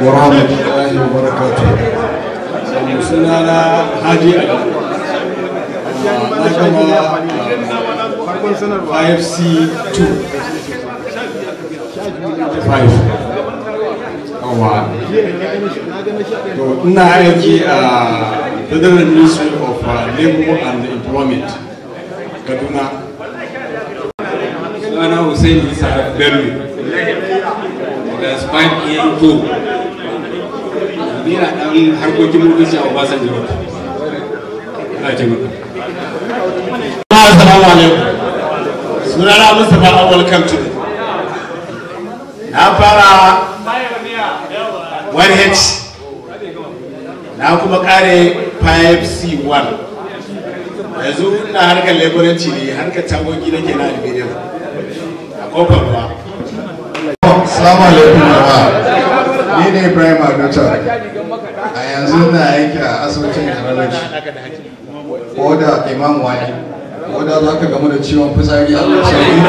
wa rahmatullahi wa barakatu suna na haji ali na gama ifc 2 ina aiki a federal ministry of uh, labor and employment kaduna sana hussein isa bello that's five years ni na dan harkokin mutunci a Obasanjo Allah ya taimaka Assalamu alaikum sunana Mustapha Awal Kamtu na fara 1H na kuma kare 5C1 yanzu ina harkar laboranci ne harkar tagogi ke na aluminium a kofar ruwa. Assalamu alaikum ne Ibrahim Adocha a yanzu na aiki a asibitin Yaralaci ko da Imam Wani ko da za ka gamu da ciwon fitsari a lokacin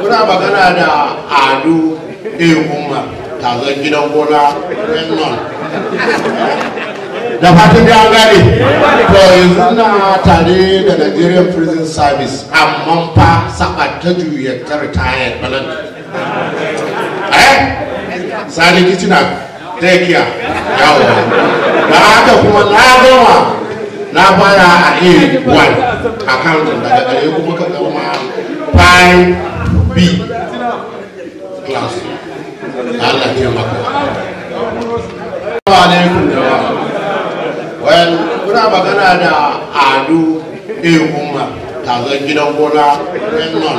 kuna magana da Ado E. ta tazan gidan gona Benon da fatan da an gane to yanzu na tare da Nigerian Prison Service amma fa sabata ta juyar ta ritaya balan eh sani kicina take yawo da haka kuma na na fara a a1 accounting daga ƙarshe kuma ka gama 5b class Allah ya taimaka Assalamu alaikum jama'a well kuna magana da Ado Ehuma tazan gidan gona Renon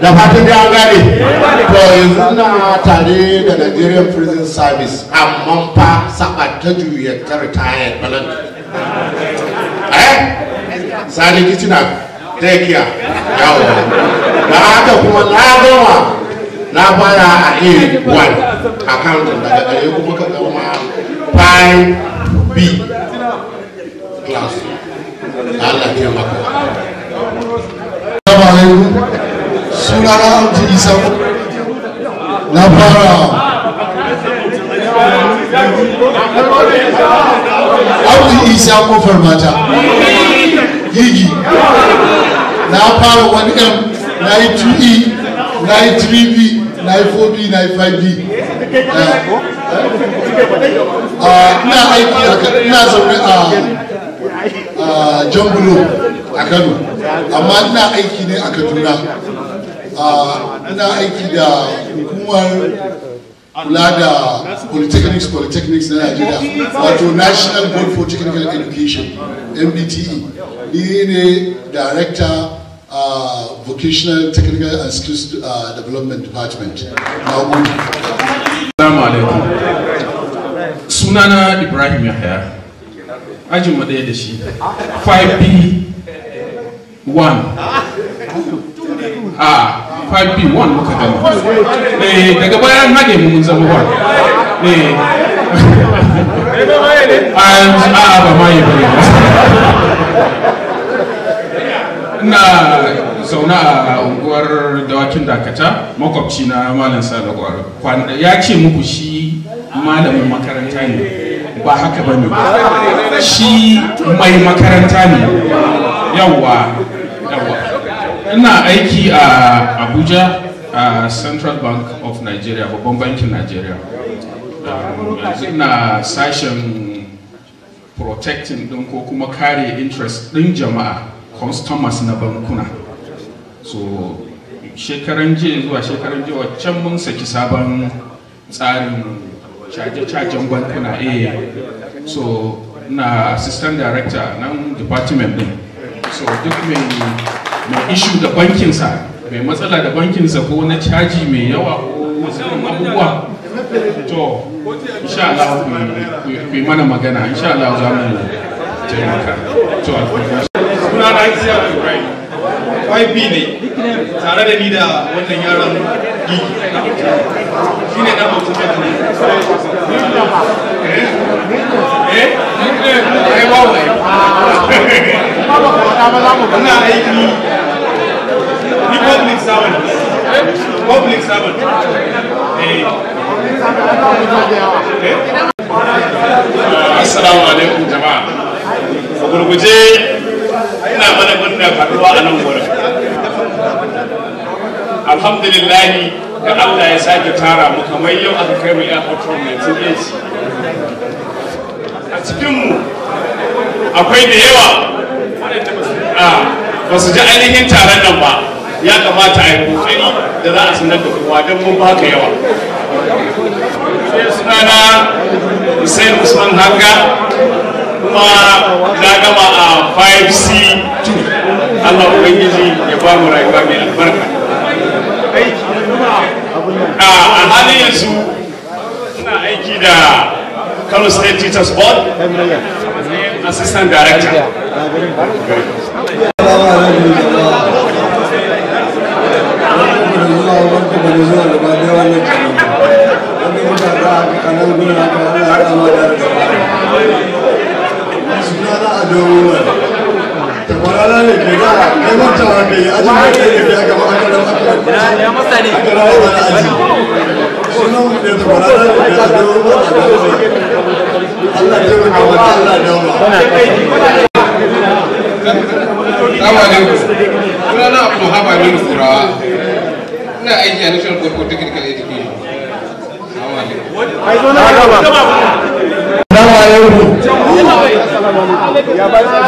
da fatan da an gane to yanzu na tare da nigerian prison service amma fa saba ta juya ta retire balan eh sani ta yi kiya yawo da haka kuma na gama na fara a a1 accountant daga ɗaya kuma ka zama 5b class Allah taimaka na na amci isa na fara amci isa kofar mata gigi na fara wani m na yi 2e e, na yi 3b na yi 4b na yi 5b ina aiki ina zaune a jan bulo a kano amma ina aiki ne a kaduna ina aiki da hukumar kula da polytechnics polytechnics na Najeriya wato National Board for Technical Education MBTE ni ne director uh, vocational technical and skills uh, development department Assalamu alaikum sunana Ibrahim Yahya ajin madaya da shi 5B 1 a 5b1 muka gama eh, daga baya bayan haɗe mun zama ba eh. a ah, ba ma yi bane ina zauna a unguwar dawakin dakata makwabci na malam sada ya ce muku shi malamin makaranta ne ba haka ba ne shi mai makaranta ne yawwa ina aiki a abuja a central bank of nigeria babban bankin nigeria um, yanzu ina sashen protecting din ko kuma kare interest din jama'a customers na bankuna so shekaran jiya zuwa shekaran jiya waccan mun saki sabon tsarin caje-cajen bankuna eh so na assistant director nan department din so duk mai mai ishu da bankinsa mai matsala da bankinsa ko na caji mai yawa ko wasu abubuwa to insha Allah ku mana magana insha Allah za mu taimaka to suna na YB ne tare da ni da wannan yaron shi ne na ne ne ina aiki sabon eh. assalamu alaikum jama'a a gurguje ina mana murna faruwa a nan wurin alhamdulillah da allah ya sake tara mu kamar yau aka kai mu ya hoton 1980 a cikinmu akwai da yawa ba su ji ainihin taron nan ba ya kamata a yi kokari da za a sanar da kowa don mun ka yawa sunana hussein usman hanga kuma na gama a 5c2 allah ubangiji ya ba mu rayuwa mai albarka a halin yanzu ina aiki da kano state teachers board assistant director mutane da ba da wannan kanan wanda za a kanan da rasa na a ne ke za a ka yi ajin da ke gaba ne ke a a Allah ya Allah ya Turawa. ina aiki a national board for technical education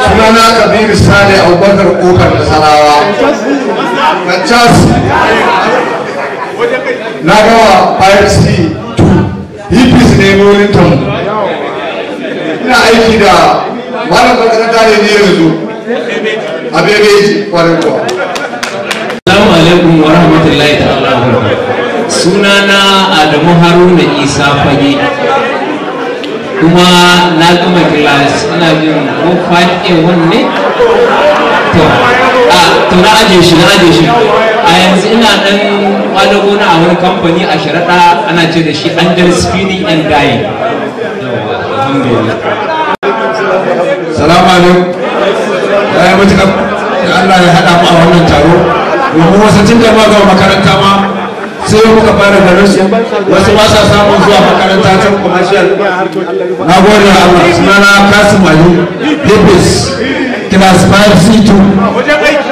sunana kabiru sale abubakar kokar nasarawa na cas na gawa irc 2 ne wurin ina aiki da malam makaranta ne yanzu a bebeji kwarin kwa. alaikum wa rahmatullahi ta'ala sunana Adamu Haruna Isa fage kuma na gama class ina jin ko 5 wanne to a to na aje shi na aje shi a yanzu ina dan kwadago na a wani kamfani a sharada ana ce da shi under spinning and guy salamu alaikum ya yi matuƙar da Allah ya haɗa mu a wannan taro domin wasu tun da zuwa makaranta ma sai muka fara da rashin wasu ba sa samun zuwa makaranta can commercial na gode Allah sunana Kasim Ali Libis class 5 C2